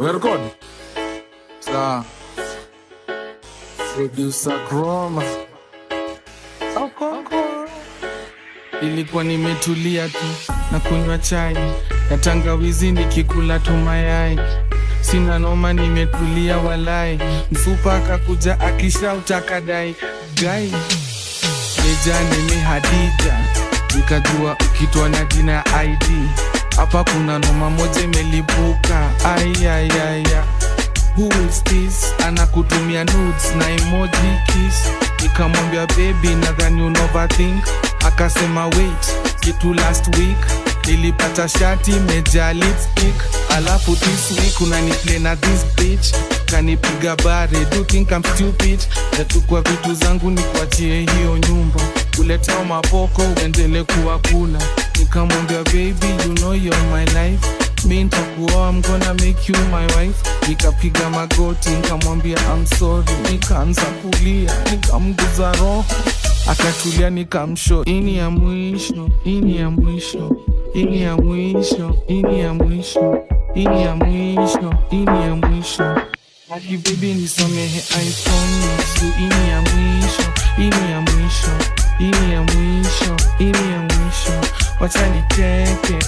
Unarekodi? Sawa. Producer Chroma. Ilikuwa nimetulia tu na kunywa chai na tangawizi nikikula tu mayai, sina noma, nimetulia walai. Mfupa akakuja akisha utakadai gai meja nene Hadija, nikajua ukitwa na jina ya ID hapa kuna noma moja imelipuka aiyaiya who is this anakutumia nudes na emoji kiss nikamwambia bebi nadhani unoverthink akasema wait kitu last week nilipata shati meja lipstick alafu this week unaniple na this bitch kanipiga bare do think I'm stupid natukwa vitu zangu ni kuachie hiyo nyumba uletao mapoko uendele kuwa kula nikamwambia baby you know you're my life mi ntakuoa I'm gonna make you my wife. Nikapiga magoti nikamwambia I'm sorry, nikaanza kulia nikamguza roho, akatulia nikamsho. Ini ya mwisho, ini ya mwisho, ini ya mwisho, ini ya mwisho, ini ya mwisho, ini ya mwisho. Hadi bibi nisamehe, I promise you, ini ya mwisho. wacha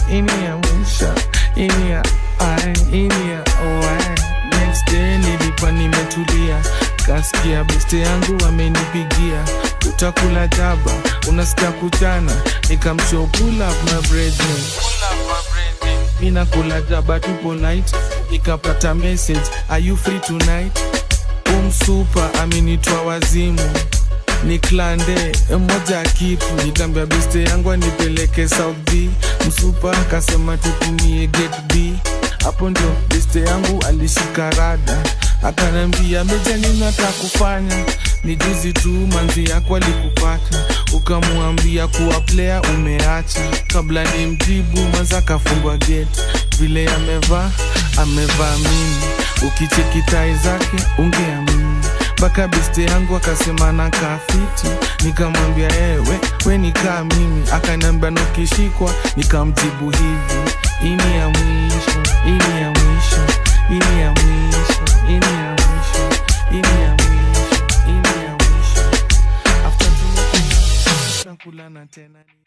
ini ya musha ini ya ini ya next day nilikuwa nimetulia kasikia beste yangu wamenipigia utakula jaba unasikia kuchana nikamsho pull kula my brethren jaba tupo light nikapata message are you free tonight umsupa amenitwa wazimu ni klande eh, moja kitu nitambia beste yangu anipeleke South B msupa akasema tutumie gate B hapo ndio beste yangu alishika rada akanambia meja ninata kufanya ni juzi tu manzi yako alikupata ukamwambia kuwa plea umeacha kabla ni mjibu manza akafungwa geti vile amevaa amevaa mimi ukichekitai zake ungeamini mpaka biste yangu akasema na kafiti, nikamwambia ewe eh, we nikaa mimi, akaniambia nukishikwa, nikamjibu hivi ini ya mwisho, ini ya mwisho, ini ya mwisho, ini ya mwisho, ini ya mwisho, ini ya mwisho, tena